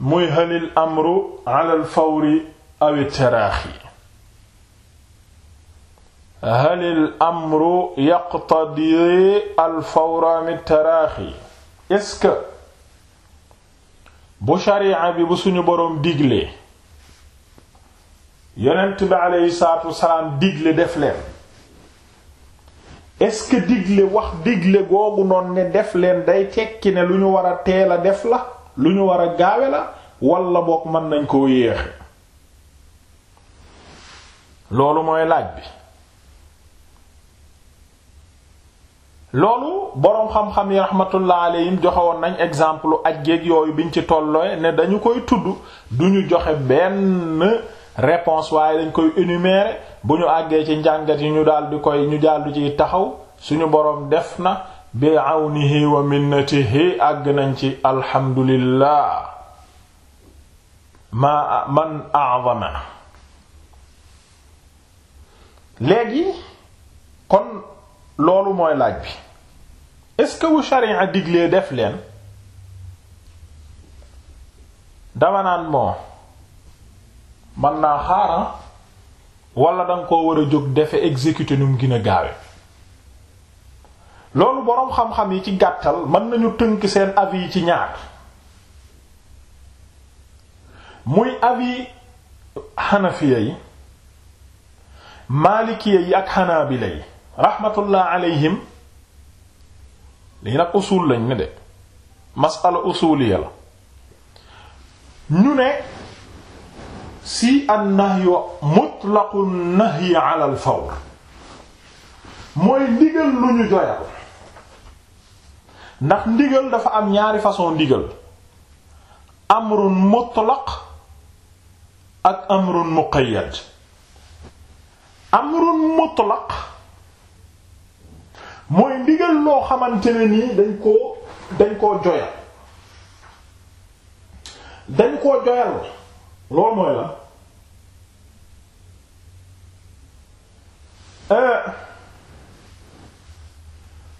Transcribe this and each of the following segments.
muy halil amru alal fawri awi taraaxi halil amru yaqtadi al fawra mi taraaxi est-ce que bu sharia bi bu suñu boroom digle yonent bi aleyhi salaatu digle def leen est-ce que digle wax digle googu noon ne def leen day tekki ne lu ñu war a teel a def la lu ñu war a gaawe la walla boog mën nañ koo yéex loolu mooy laaj bi loolu boroom xam-xam yi rahmatullah alayhim joxe nañ exemple aj géeg yooyu biñ ci tolloe ne dañu koy tudd duñu joxe benn réponse waaye dañ koy énumérer bu ñu àggee ci njàngat yi ñu daal di koy ñu daal di ciy taxaw suñu boroom def na bi àwnihi wa minnatihi àgg nañ ci alhamdulillah ma man a'zama léegi kon loolu mooy laaj bi est-ce que wu sharia diglee def leen dama naan moo man naa xaaral ah? wala danga ko war a jóg defe exécuter nu mu gën a gaawe loolu boroom xam-xam yi ci gàttal mën nañu tënk seen avis yi ci ñaar muy avis xanafiya yi maalikiya yi ak xanaabila yi rahmatullah alayhim lii nag usul lañ ne de masala usuliya la ñu ne si an nahyu mutlaqu nahyi ala fawr mooy ndigal lu ñu joyal ndax ndigal dafa am ñaari façon ndigal amrun mutlaq ak amrun muqayyad amrun mutlaq mooy ndigal loo xamante ne nii dañ koo dañ koo joyal dañ koo joyal loolu mooy la euh,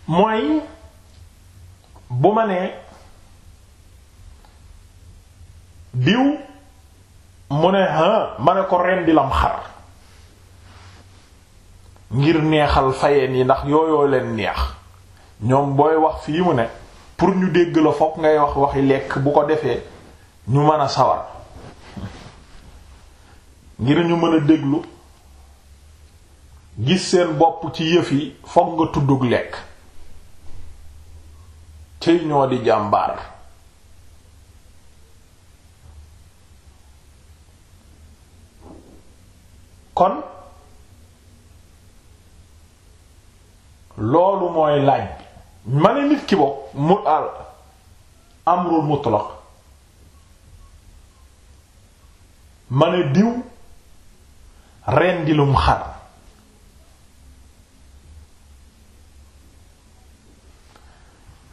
mooy bu ma nee diw mu ne ha ma ne ko rendi lam xar ngir neexal fayeen yi ndax yooyoo leen neex ñoom booy wax fii mu ne pour ñu dégg la fokk ngay wax waxi lekk bu ko defee ñu mën a sawar ngir ñu mën a déglu gis seen bopp ci yëf fokk nga tuddug lekk tey ñoo di jàmbaar kon loolu mooy laaj bi ma ne nit ki mu al amrul mutlaq ma ne diw rendilum xar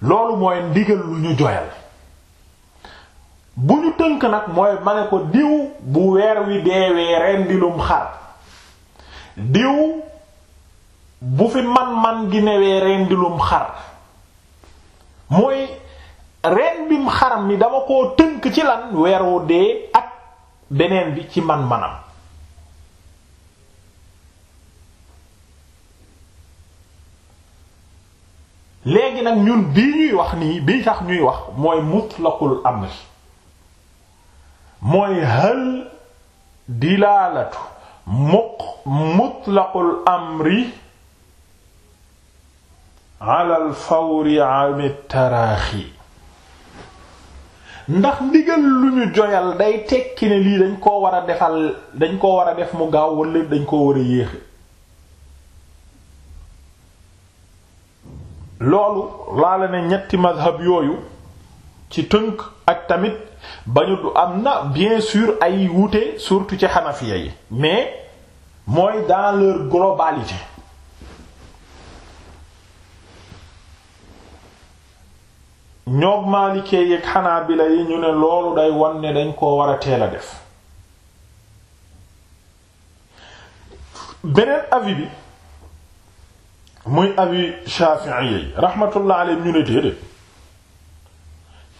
loolu mooy ndigal lu ñu joyal bu ñu tënk nag mooy ma ne ko diw bu weer wi deewee rendilum xar diw bu fi man-man gi newee rendilum xar mooy ren bim xaram mi dama koo tënk ci lan weer wu dee ak beneen bi ci man-manam léegi nag ñun bii ñuy wax nii bii tax ñuy wax mooy mutlaqul amr mooy hal dilaalatu muq mutlaqul amri alal fawri amit taraaxi ndax ndigal lu ñu joyal day tekki ne lii dañ koo war a defal dañ koo war a def mu gaaw wala dañ koo war a yéexe loolu laa la ne ñetti madhab yooyu ci tënk ak tamit bañu du am na bien sûr ay wuute surtout ci xanafiya yi mais mooy dans leur globalité ñoog xanaa yeeg xanaabila yi ñu ne loolu day wan ne dañ koo war a teel a def beneen avis muy abi Shafi'i yi rahmatullah alayhi ñu ne déedéet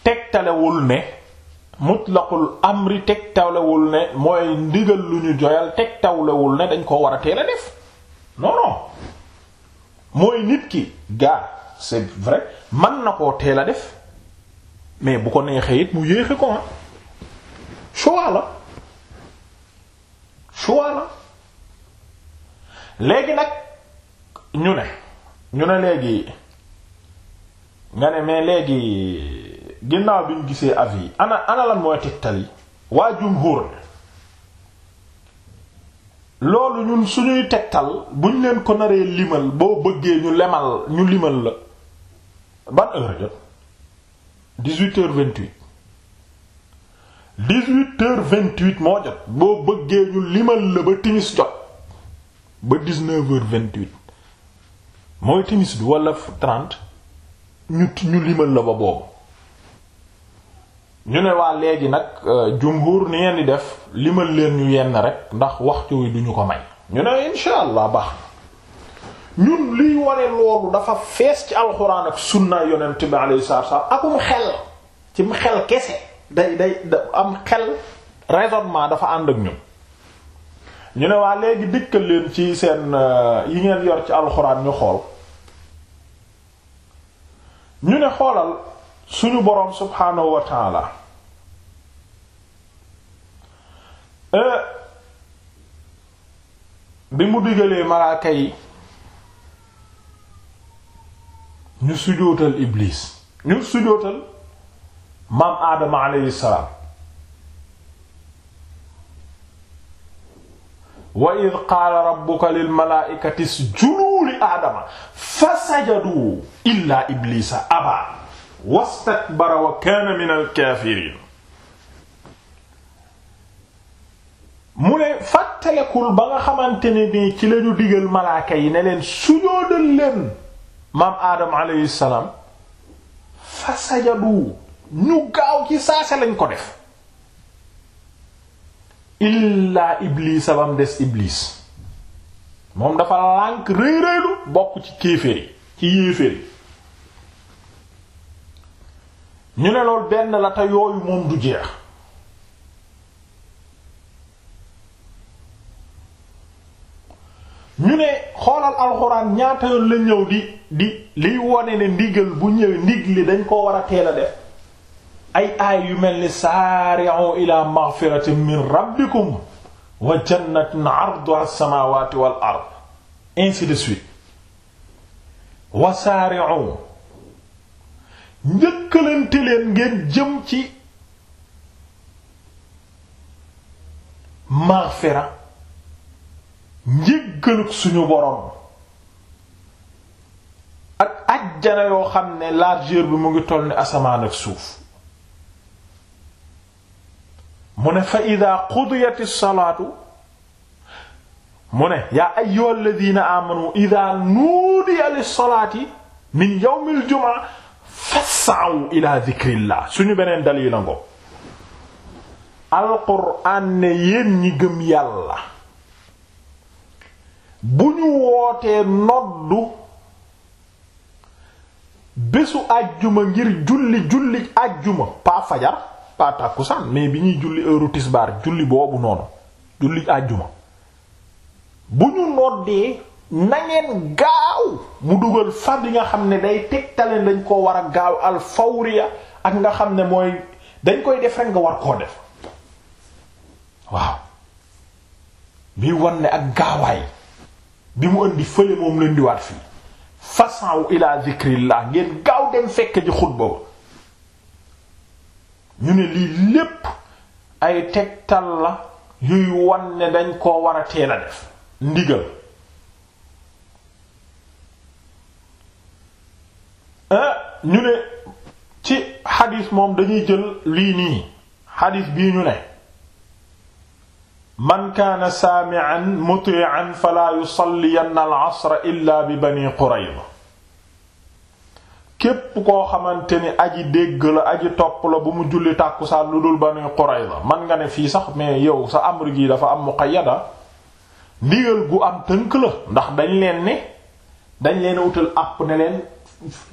tegtalewul ne mutlaqul amri tegtalewul ne mooy ndigal lu ñu joyal tegtalewul ne dañ koo war a teel def non non mooy nit ki gaa c'est vrai mën na koo teel a def mais bu ko neexee it mu yéexe ko ah choix la léegi nag. ñu ne ñu ne léegi nga ne mais léegi ginnaaw bi ñu gisee avis yi ana ana lan mooy tegtal yi waa jumhur loolu ñun suñuy tegtal buñ leen ko naree limal boo bëggee ñu lemal ñu limal la ban heure jot dix-huit heures vingt-huit dix-huit vingt-huit moo jot boo bëggee ñu limal la ba timis jot ba dix vingt-huit mooy timis bi wala trente ñu ñu limal la ba boobu ñu ne waa léegi nag euh, jumhur ni ngeen di def limal leen ñu yenn rek ndax waxtu wi duñu ko may ñu ne insha allah baax na liy ware loolu dafa fees ci alxuraan ak sunna yonent bi alayhi salaatu wasallam akum xel xel kese day day am xel raisonnement dafa ànd ak ñun ñu ne waa léegi dikkal leen ci seen euh, yi ngeen yor ci alxuraan ñu xool ñu ne xoolal suñu boroom subhaanahu wa euh, bi mu digalee malaaka yi ñu sujootal iblis ñu sujootal maam aadama aleyhi wa id qaala rabbuka lil malaa'ikati isjudu li aadama fasajadu illaa ibliisa abaa wastakbara wa kaana minal kaafiriin mu ne fàttalekul ba nga xamante ne nii ci lañu digal malaaka yi ne leen sujóodal leen maam aadam alayhi salaam fasajadu ñu gaaw ci saase lañ ko def illaa ibliisa bam des ibliis moom dafa lànk rëy rëylu bokk ci kéeféeri ci yéeféeri ñu ne lool benn la te yooyu moom du jeex ñu ne xoolal alxuraan ñaata yoon la ñëw di di liy wone ne ndigal bu ñëwee ndig li dañ ko war a teel a def ay aay yu mel ni saari'u ila maghfiratin min rabbikum wa jannatin 'arduha as-samawati wal ard ainsi de suite wa saari'u njëkkalante leen ngeen jëm ci maghfira njëggaluk suñu borom ak ajjana yoo xam ne largeur bi mu ngi toll ni asamaan ak suuf mu ne fa ida qudiyat lsalaatu mu ne yaa ayyuha alladina amanu ida nuudiya lilsalaati min yawm aljumaa fasaw ila dikrillah suñu beneen dalil la ngo alquran ne yéen ñi gëm yàlla bu ñu wootee noddu bésu àjjuma ngir julli julli àjjuma pa fajar pas tàkkusaan mais bi ñuy julli heure tisbaar julli boobu noonu julli àjjuma bu ñu noddee na ngeen gaaw mu dugal far yi nga xam ne day teg tegtale dañ ko war a gaaw al ak nga xam ne mooy dañ koy def rek nga war koo def waaw bi wan ne ak gaawaay bi mu indi fële moom leen di waat fii fasaw ila zikrillah ngeen gaaw dem fekk ji xutba ñu ne lii lépp ay tegtal la yuy wanne dañ koo war a teel a def ndigal eh, ñu ne ci xadis moom dañuy jël lii nii xadis bii ñu ne man kaana saami'an muti'an fala yusalliyanna al-'asra illa bi bani qurayza képp koo xamante ni aji dégg la aji topp la bu mu julli tàkkusaan lu dul ba Banu Qurayza man nga ne fii sax mais yow sa amr gi dafa am muqayyada ndigal gu am tënk la ndax dañ leen ne dañ leen a wutal àpp ne leen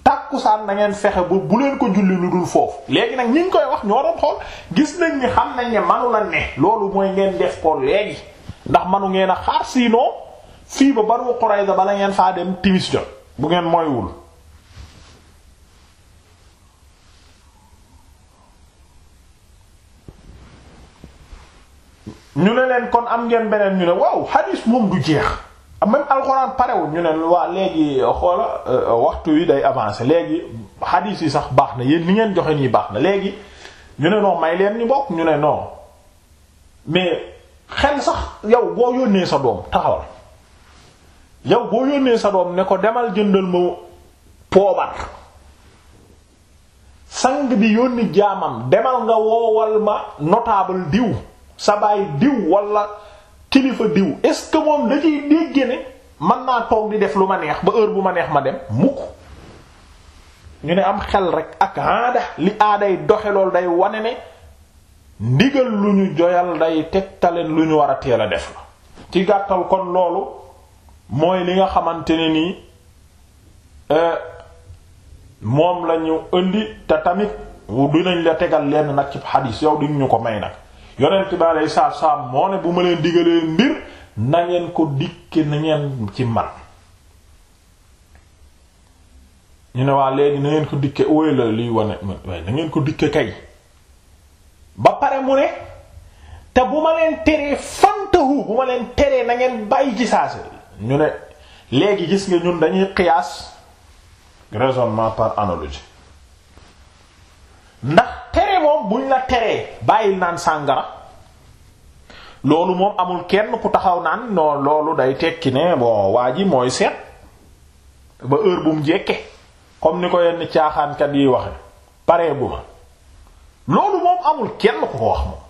tàkkusaan na ngeen fexe bu bu leen ko julli lu dul foofu léegi nag ñi ngi koy wax ñoo doon xool gis nañ ni xam nañ ne manu la ne loolu mooy ngeen def ko léegi ndax manu ngeen a xaar siinoo fii ba ba Banu Qurayza bala ngeen faa dem timis jot bu ngeen mooywul ñu ne leen kon am ngeen beneen ñu ne waaw hadis moom du jeex même alxuraan parewul ñu ne waa léegi xoola euh, waxtu wi day avancer léegi hadis yi sax baax na yéen li ngeen joxe nii baax na léegi ñu ne non may leen ñu bokk ñu ne non mais xel sax yow boo yónnee sa doom taxawal yow boo yónnee sa doom ne ko demal jëndal ma poobar sang bi yónni jaamam demal nga woowal ma notable diw. sa baay diw wala kilifa diw est-ce que moom da ciy ne mën naa toog di def lu ma neex ba heure bu ma neex ma dem mukk ñu ne am xel rek ak aada li aaday doxe lool day wane ne ndigal lu ñu joyal day tegtale lu ñu war a teel def la ci gàttal kon loolu mooy li nga xamante ne nii euh, moom la ñu indi te tamit dinañ la tegal lenn nag ci xadiis yow di ñu ko may nag yonent bi aleyhi salaatu salaam moo ne bu ma leen digalee mbir na ko dikke nangeen ci man ñu ne waa léegi na ngeen ko dikke ooy la liy wane waaye na ngeen ko dikke kay ba pare mu ne te bu ma leen teree fantahu bu ma leen teree na ngeen bàyyi ci saase ñu ne léegi gis nga ñun dañuy qiyaas raisonnement par analogie ndax buñ la teree bàyyil naan sàngara loolu moom amul kenn ku taxaw naan non loolu day tekki ne bon waa ji mooy seet ba heure bu jekke comme ni ko yenn caaxaankat yi waxe paree bu ma loolu moom amul kenn ku ko wax moom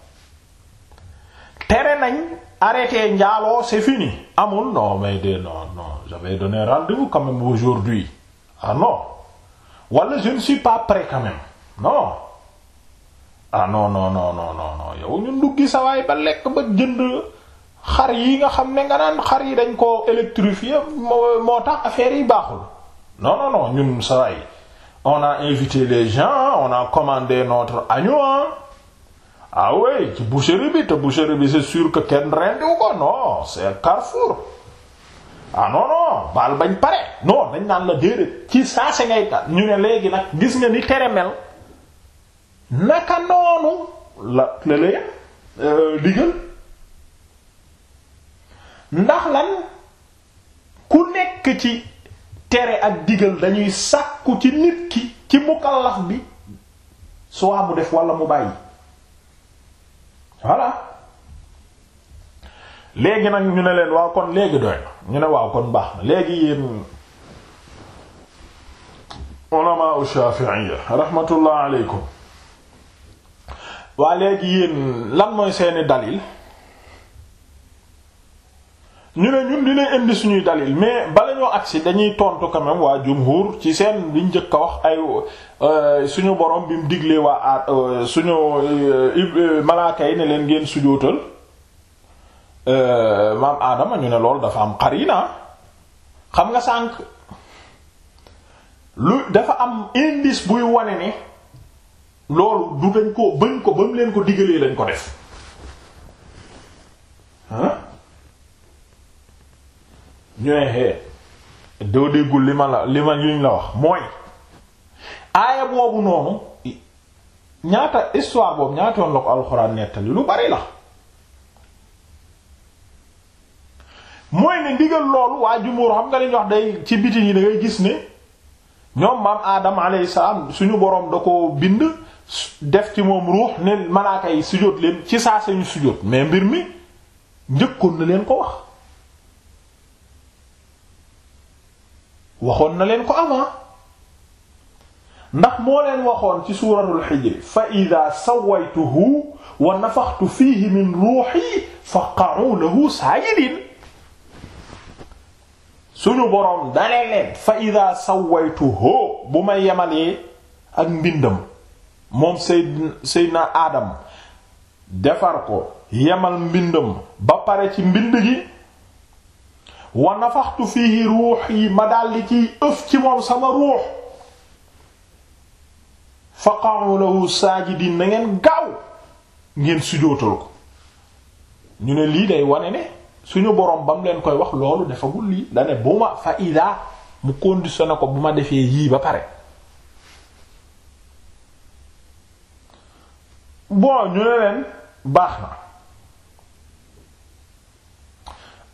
tere nañ arrêté njaaloo c'est fini amul non mais de non non j'avais donné rendez-vous aujourd'hui ah non wala je pas prêt quand même non ah non non non non non yow ñu nduggi sa ba lekk ba jënd xar yi nga xam ne nga naan xar yi dañ koo électrifié moo tax affaire yi baaxul non non non ñun sa on a invité les gens on a commandé notre agneau ah oui ci boucherie bi te boucherie bi c'est sûr que kenn rendiwu ko non c'est Carrefour ah non non baal bañ pare non dañ naan la déedéet ci saa si ñu ne léegi nag gis nga ni tere mel. naka noonu la la leen euh, digal ndax lan ku nekk ci tere ak digal dañuy sàkku ci nit ki ci mukallaf bi soit mu def walla mu bàyyi voilà léegi nag ñu ne leen waaw kon léegi doy ñu ne waaw kon baax na léegi yéen ulama Shafi'iyya rahmatullah aleykum waa léegi yéen lan mooy seeni dalil ñu ne ñun dinañ indi suñuy dalil mais bala ñoo agsi dañuy tontu quand même waa jumhur ci seen liñ njëkk a wax ay euh, suñu borom bi mu diglee waa a euh, suñu euh, malaaka yi ne leen ngeen sujootal maam aadama ñu ne loolu dafa am xarina xam nga sànq lu dafa am indice buy wone ne loolu du dañ koo bañ ko ba mu leen ko digalee lañ ko def ah ñooy xee doo déggul li ma la li ma yuñ la wax mooy aaya boobu noonu ñaata histoire boobu ñaata yoon la ko alxuraan nettali lu bari la mooy ne ndigal loolu waa jumóor xam nga li ñu day ci biti yi da gis ne ñoom maam aadam alayhi suñu boroom da ko bind def ci moom ruux ne malaaka yi sujjóot leen ci saa sañu sujjóot mais mbir mi njëkkoon na leen ko wax waxoon na leen ko avant ndax moo leen waxoon ci suuratul Hijr fa idaa sawaytuhu wa nafaxtu fiihi min ruuhi faqa'u lahu saajidiin suñu boroom dalee leen fa idaa sawaytuhu bu may yemalee ak mbindam moom seyd seydna aadam defar ko yemal mbindam ba pare ci mbind gi wa nafaxtu fihi ruux yi ma daldi ciy ëf ci moom sama ruux faqa'u lahu saajidin na ngeen gaaw ngeen sujootal ko ñu ne lii day wane ne suñu boroom ba mu leen koy wax loolu defagul lii da bu ma fa mu conditionné ko bu ma defee yii ba pare bon ñu ne leen baax na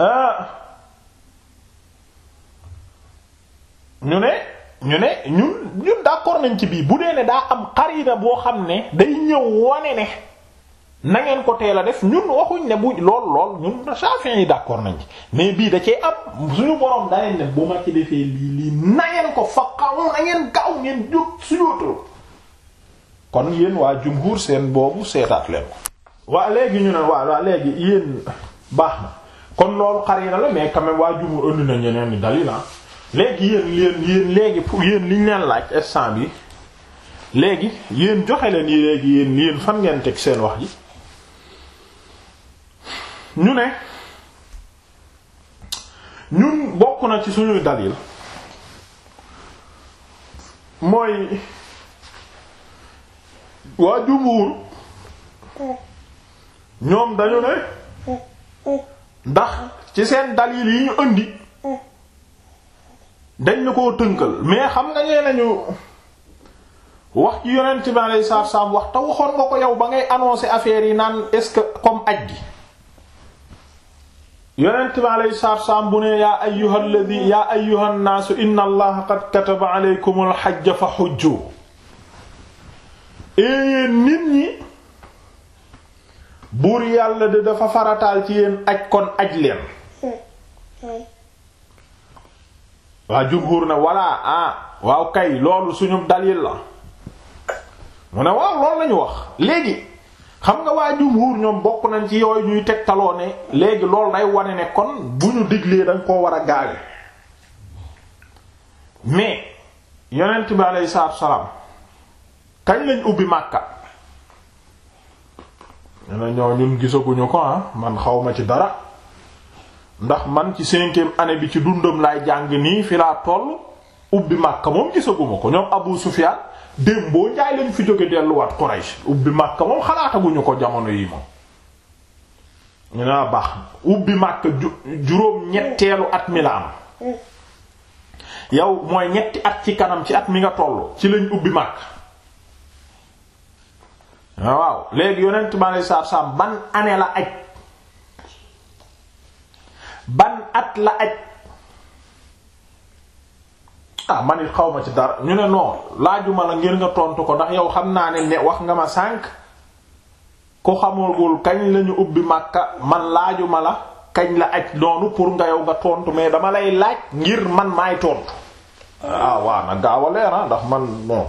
euh, ñu ne ne ñun ñun d'accord nañ ci bii bu dee ne daa am xarina boo xam ne day ñëw wane ne na ko teel a def ñun waxuñ ne bu lool lool ñun Shafi'i yi d'accord nañ ci mais bii da cee am suñu borom da leen ne bu ma ci defee lii lii na ko fa xaw na ngeen gaaw ngeen jóg suñu kon yéen waa jumhur seen boobu seetaat leen ko waa léegi ñu ne waa waa léegi yéen baax na kon loolu xarina la mais quand même waa jumhur indi na ñeneen ni dalil ah. léegi yéen yéen léegi pour liñ leen laaj instant bi léegi yéen joxe leen yi léegi yéen fan ngeen teg seen wax yi ñu ne ñun bokk na ci suñuy dalil mooy waa jumhur ñoom dañu ne ndax ci seen dalil yi ñu indi dañ na koo tënkal mais xam na nee nañu wax ci yonent bi alayhi salaatu wasallam wax te waxoon nga ko yow ba ngay annoncer affaire yi naan est-ce que comme aj gi yonent bi alayhi salaatu wasallam bu ne yaa ayyuhal ladhi yaa ayyuhan naasu inna allaha qad kataba alaykumul hajja fa hujju yéen eh, nit ñi buur yàlla de dafa farataal ci yéen aj kon aj leen waa jumhur na walla ah waaw kay loolu suñu dalil la mu ne waaw loolu lañu wax léegi xam nga waa jumhur ñoom bokk nañ ci yooyu ñuy tegtaloo ne léegi lool day wane ne kon bu ñu diglee dañ koo war a gaawe mais yonent bi aleyhi salaam kañ lañ ubbi Makka ñu ñoo ñun gisaguñu ko ah man xawma ci dara ndax man ci cinquième année bi ci dundam laay jàng nii fi laa toll ubbi Makka moom gisaguma ko ñoom Abu Sufyan dém boo njaay lañ fi jóge delluwaat Quraysh ubbi Makka moom xalaataguñu ko jamono yii moom ñu naa ah, baax ubbi Makka juróom ñetteelu at mi la am mm. yow mooy ñetti at ci kanam ci at mi nga toll ci lañ ubbi Makka Ah, waaw léegi yonent ma lay saab saab ban année la aj ban at la aj ah man it xaw ma ci dara ñu ne non laajuma la ngir nga tontu ko ndax yow xam naa ne wax nga ma sànq ku xamagul kañ la ñu ubbi Makka man laajuma la kañ la aj noonu pour nga yow nga tontu mais dama lay laaj ngir man maay tontu. ah waaw nag gaaw a leer ah, ndax man bon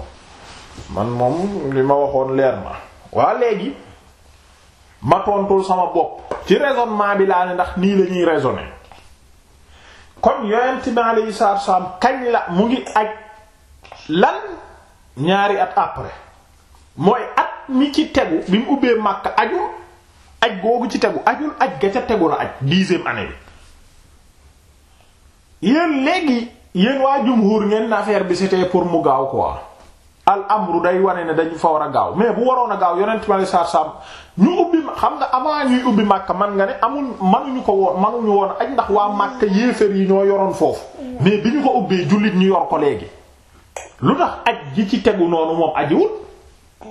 man moom li ma waxoon leer ma. waa léegi ma tontul sama bopp ci raisonnement bi laa ne ndax nii la ñuy raisonner kon yonent bi alayhi salaatu salaam kañ la mu ngi aj lan ñaari at après mooy at mi ci tegu bi mu ubbee Makka ajul aj googu ci tegu ajul aj ga ca tegu la aj dixième année bi yéen léegi yéen waa jumhur ngeen affaire bi c'était pour mu gaaw quoi. al amru day wane ne dañu fa war a gaaw mais bu waroon a gaaw yonent ma saa saam ñu ubbi xam nga avant ñuy ubbi Makka man nga ne amul manuñu ko woon manuñu woon ak ndax waa Makka yéeféer yi ñoo yoroon foofu mais bi ñu ko ubbee jullit ñu yor ko léegi lu tax aj ji ci tegu noonu moom ajiwul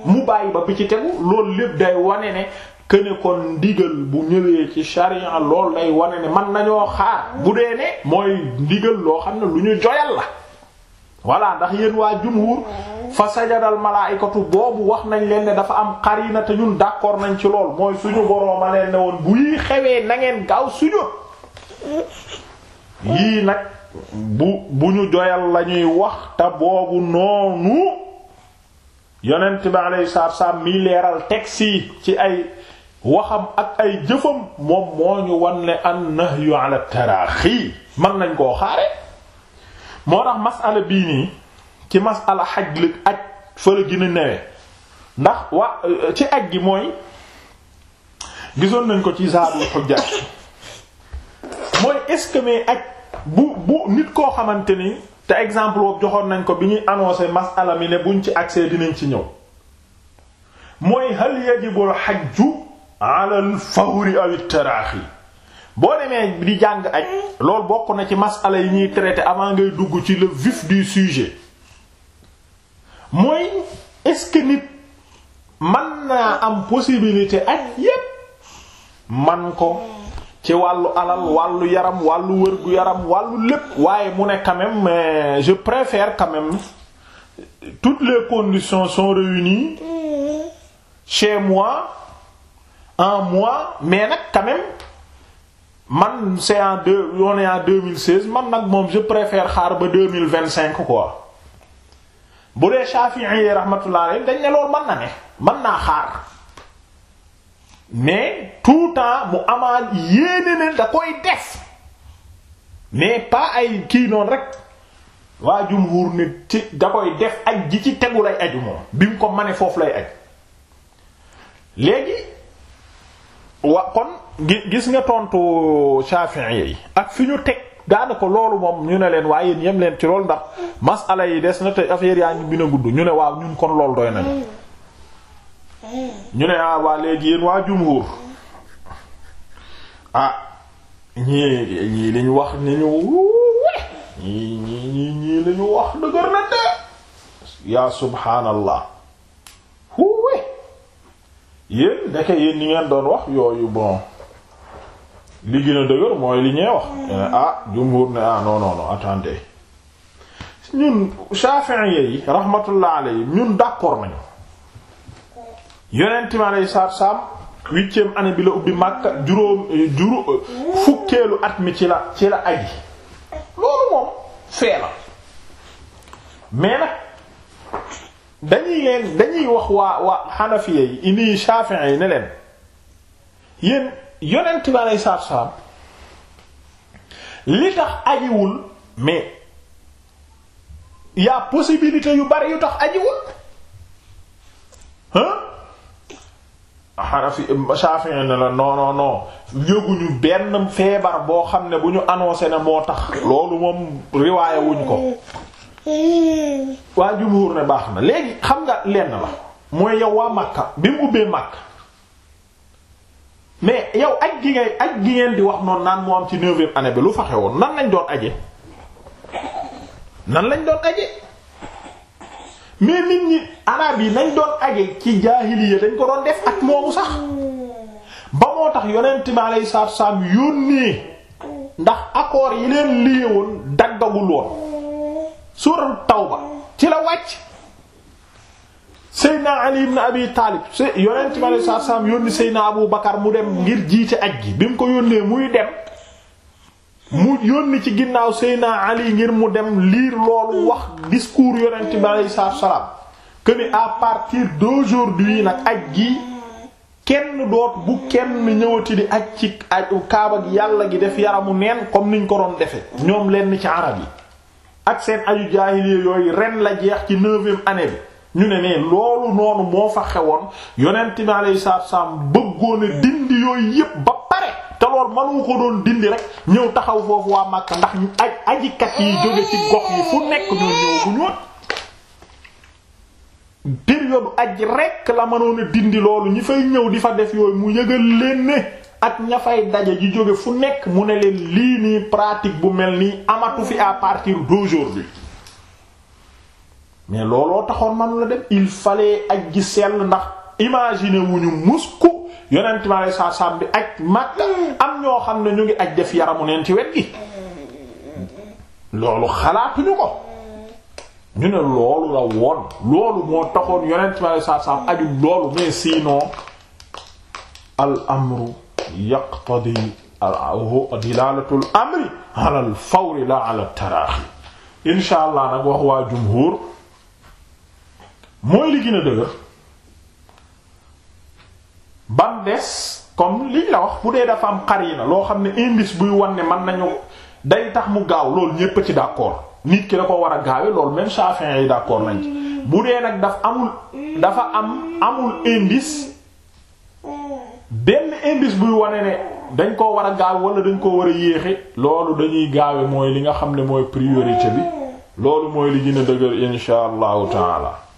mu bàyyi ba bi ci tegu loolu lépp day wane ne këne kon ndigal bu ñëwee ci sharia lool day wane ne man nañoo xaar bu dee ne mooy ndigal loo xam ne lu ñu joyal la voilà ndax yéen waa jumhur fa sajadal malaayikatu boobu wax nañ leen dafa am xarina te ñun d'accord nañ ci lool mooy suñu boroom a leen woon bu yii xewee nangeen ngeen gaaw suñu yii nag bu bu ñu joyal la ñuy wax te boobu noonu yonent bi alayhi salaatu salaam leeral texte ci ay waxam ak ay jëfam moom moo ñu wan ne ala taraaxi mën nañ koo xaare moo tax masala bii nii ci masala xaj la aj fa la gën a ndax wa euh, ci aj gi mooy gisoon nañ ko ci zaadul xujjaaj mooy est-ce aj bu bu nit koo xamante ni te exemple boobu joxoon nañ ko bi ñuy annoncé masala mi ne buñ ci accès dinañ ci ñëw mooy hal yajibul xajju ala al fawri aw taraaxi boo demee di jàng aj loolu bokk na ci masala yi ñuy traiter avant ngay dugg ci le vif du sujet mooy est-ce que nit man naa am possibilité aj yépp man ko ci wàllu alal wàllu yaram wàllu wërgu yaram wàllu lépp waaye mu ne quand mais je préfère quand même toutes les conditions sont réunies mm-hmm. chez moi en moi mais nag quand man c'est en deux on est en 2016 man nag moom je préfère xaar ba 2025 quoi bu dee Shafi'i yi rahmatullah alayhi dañ ne loolu man na ne mën naa xaar mais tout temps mu amaan yéene ne da koy def mais pas ay kii noonu rek waa jumhur ne ci da koy def ak ji ci tegu lay aju moom bi mu ko mane foofu lay aj léegi wa kon gis nga tontu Shafi'i yi ak fi ñu teg daanaka loolu moom ñu ne leen waaye yéen yem leen ci loolu ndax masala yi des na te affaire yaa ngi bina gudd ñu ne waaw ñun kon loolu doy nañu ñu ne ah waa léegi yéen waa jumhur ah ñii ñii wax ni ñu ñii ñii ñii ñii li ñu wax dëgër na de yaa subhaanallah huwe yéen ndeke yéen ñi ngeen doon wax yooyu bon li gën a dëgër mooy li ñee wax ah jumhur ne ah non non non attendez ñun Shafi'i yi rahmatullah alayhi ñun d'accord nañu yonent mi alayhi salaatu salaam huitième année bi la ubbi Makka juróom eh, juró eh, fukkeelu at mi ci la ci la loolu moom fee la mais nag dañuy leen dañuy wax waa waa Hanafiya yi indi Shafi'i yi ne leen yéen yonent bi aleyhi salaatu salaam li tax ajiwul mais y'a possibilité yu bari yu tax ajiwul hein xanafi Shafi'i ne la non non non benn feebar boo xam ne bu ñu annoncé ne moo tax loolu moom riwaaya wuñ ko waa jumhur ne baax na léegi xam nga lenn la mooy yow waa Makka bi mu ubbee Makka mais yow aj gi ngay aj ngeen di wax noonu naan moo am ci neuvième année bi lu fa xewoon nan lañ doon aje nan lañ doon aje mais nit ñi arab yi nañ doon aje ci jaahiliya dañ ko doon def ak moomu sax ba moo tax yonent bi lay salaatu salaam yónnee ndax accord yi leen lié woon daggagul woon suuratu tawba ci la wàcc Seydina Ali ibn Abi Taalib yonent bi alayhi salaatu salaam yónni Seydina Abu Bakar mu dem ngir jiite aj gi bi mu ko yónnee muy dem mu yónni ci ginnaaw Seydina Ali ngir mu dem liir loolu wax discours yonent bi alayhi salaatu salaam que ni à partir d'aujourd'hui nag aj gi kenn doot bu kenn ñëwati di aj ci aju kaaba yàlla gi def yaramu neen comme niñ ko doon defe ñoom lenn ci arab yi ak seen aju jaahiliya yooyu ren la jeex ci neuvième année bi ñu ne nee loolu noonu moo fa xewoon yonent bi alayhi salaatu wasallam bëggoon a dindi yooyu yépp ba pare te loolu ko doon dindi rek ñëw taxaw foofu waa Makka ndax ñu aj ajikat yi jóge ci gox yi fu nekk ñoo ñëw bu rek la mënoon a dindi loolu ñi fay ñëw di fa def yooyu mu yëgal leen ne ak ña fay daje ji jóge fu nekk mu ne leen lii nii pratique bu mel nii amatu fi à partir jour d'aujourd'hui mais looloo taxoon man la dem il fallait aj gi sell ndax imaginer wu ñu musku yonent bi alei saatu bi aj Makka am ñoo xam ne ñu ngi aj def yaramu neen ci wet gi loolu xalaatuñu ko ñu ne loolu la woon loolu moo taxoon yonent bi alei saatu aju loolu mais sinon al amru yaqtadi dilalatul amri ala al ala taraaxi insha allah nag wax waa jumhur mooy li gën dëgër bam des comme liñ la wax bu dee dafa am qarina loo xam ne indice buy wan ne mën nañu day tax mu gaaw loolu ñépp ci d'accord nit ki da ko war a gaawee loolu même Shafi'i yi d'accord nañ ci bu dee nag daf amul dafa am amul indice benn indice buy wane ne dañ ko war a gaawe wala dañ koo war a yéexe loolu dañuy gaawe mooy li nga xam ne mooy priorité bi loolu mooy li gën a dëgër insha allahu taala